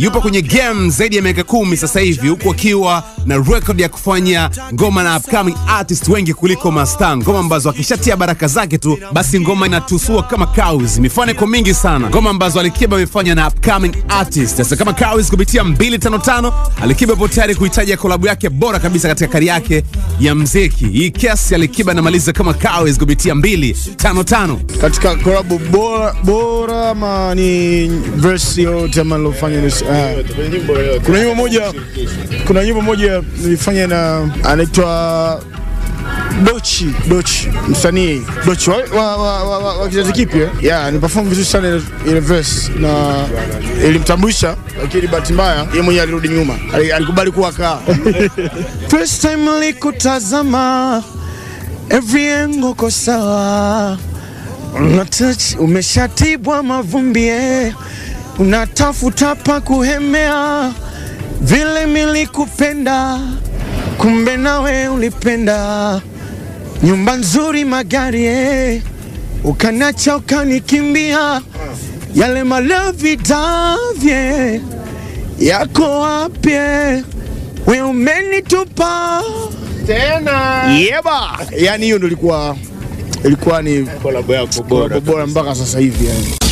yupo kwenye game zaidi ya miaka kumi sasa hivi huku akiwa na rekodi ya kufanya ngoma na upcoming artist wengi kuliko masta, ngoma ambazo akishatia baraka zake tu basi ngoma inatusua kama Kawiz. Mifano iko mingi sana, ngoma ambazo Alikiba amefanya na upcoming artist. Sasa kama Kawiz kupitia 255 Alikiba ipo tayari kuitaja kolabu yake bora kabisa katika kari yake ya mziki. Hii kesi Alikiba anamaliza kama Kawiz kupitia 255 katika kolabu bora bora, ama ni verse yote ama alofanya, eh, kuna nyimbo moja, kuna nyimbo moja nilifanya na anaitwa Dochi, Dochi msanii Dochi wa, wa, wa, wa, wa, wa kizazi kipya eh? yeah, ni perform vizuri sana ile verse na ilimtambulisha, lakini bahati mbaya yeye mwenyewe alirudi nyuma, alikubali kuwa kaa first time likutazama every angle ko sawa, una touch umeshatibwa mavumbi, eh. unatafuta pa kuhemea vile milikupenda, kumbe nawe ulipenda nyumba nzuri, magari eh, ukanacha ukanikimbia. Yale malevi davye yako wapye, eh? we umenitupa tena. Yeba, yani hiyo ndo ilikuwa ilikuwa ni kolabo yako bora mpaka sasa hivi yani. Eh.